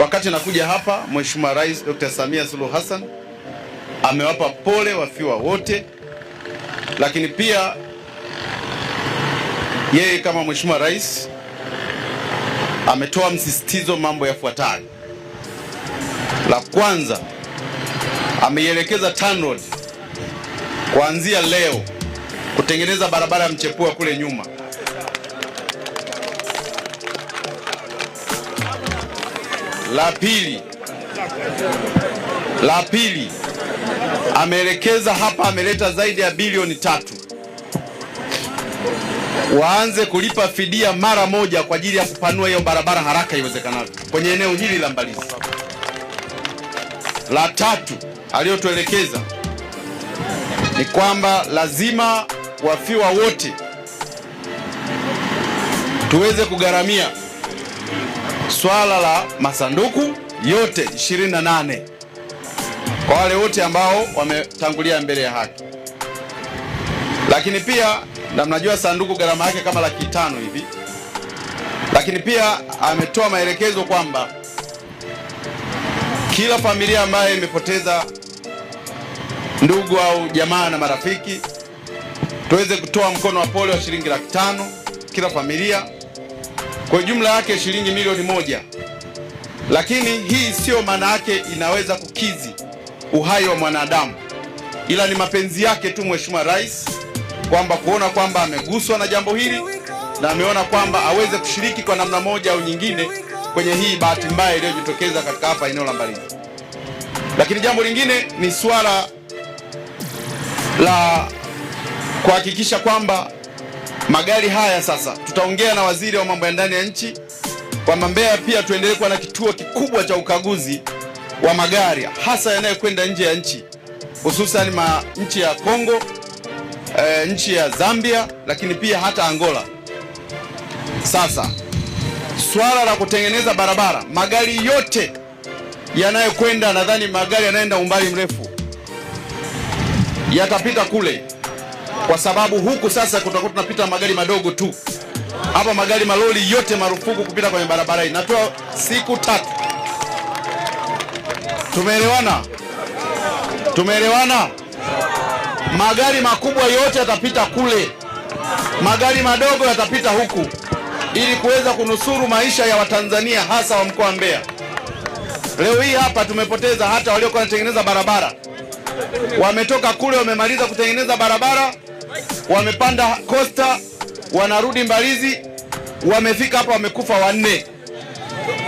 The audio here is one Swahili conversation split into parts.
Wakati nakuja hapa, Mheshimiwa Rais Dr. Samia Suluhu Hassan amewapa pole wafiwa wote, lakini pia yeye kama Mheshimiwa Rais ametoa msisitizo mambo yafuatayo. La kwanza, ameielekeza TANROADS kuanzia leo kutengeneza barabara ya mchepua kule nyuma La pili, la pili ameelekeza hapa, ameleta zaidi ya bilioni tatu waanze kulipa fidia mara moja kwa ajili ya kupanua hiyo barabara haraka iwezekanavyo kwenye eneo hili la Mbalizi. La tatu aliyotuelekeza ni kwamba lazima wafiwa wote tuweze kugharamia swala la masanduku yote 28 kwa wale wote ambao wametangulia mbele ya haki, lakini pia na mnajua sanduku gharama yake kama laki tano hivi, lakini pia ametoa maelekezo kwamba kila familia ambayo imepoteza ndugu au jamaa na marafiki tuweze kutoa mkono wa pole wa shilingi laki tano kila familia kwa jumla yake shilingi milioni moja, lakini hii siyo maana yake inaweza kukizi uhai wa mwanadamu, ila ni mapenzi yake tu Mheshimiwa Rais kwamba kuona kwamba ameguswa na jambo hili na ameona kwamba aweze kushiriki kwa namna moja au nyingine kwenye hii bahati mbaya iliyojitokeza katika hapa eneo la Mbalizi. Lakini jambo lingine ni suala la kuhakikisha kwamba magari haya sasa, tutaongea na waziri wa mambo ya ndani ya nchi kwamba Mbeya pia tuendelee kuwa na kituo kikubwa cha ukaguzi wa magari hasa yanayokwenda nje ya nchi hususan nchi ya Kongo, e, nchi ya Zambia, lakini pia hata Angola. Sasa swala la kutengeneza barabara, magari yote yanayokwenda, nadhani magari yanaenda umbali mrefu yatapita kule kwa sababu huku sasa kutakuwa tunapita magari madogo tu. Hapa magari maloli yote marufuku kupita kwenye barabara hii. Natoa siku tatu. Tumeelewana? Tumeelewana? Magari makubwa yote yatapita kule, magari madogo yatapita huku, ili kuweza kunusuru maisha ya Watanzania hasa wa mkoa wa Mbeya. Leo hii hapa tumepoteza hata waliokuwa wanatengeneza barabara wametoka kule, wamemaliza kutengeneza barabara, wamepanda kosta, wanarudi Mbalizi, wamefika hapa, wamekufa wanne,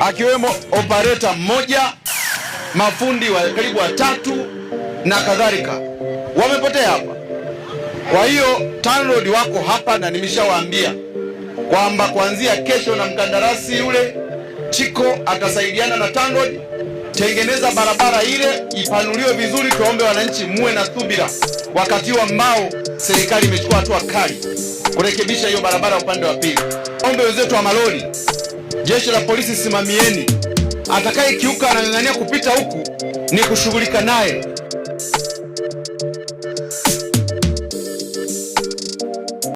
akiwemo opereta mmoja, mafundi wa karibu watatu na kadhalika, wamepotea hapa. Kwa hiyo TANROADS wako hapa na nimeshawaambia kwamba kuanzia kesho na mkandarasi yule Chiko atasaidiana na TANROADS tengeneza barabara ile ipanuliwe vizuri. Tuombe wananchi muwe na subira, wakati wa ambao serikali imechukua hatua kali kurekebisha hiyo barabara upande wa pili. Ombe wenzetu wa malori, jeshi la polisi, simamieni. Atakayekiuka anang'ang'ania kupita huku, ni kushughulika naye.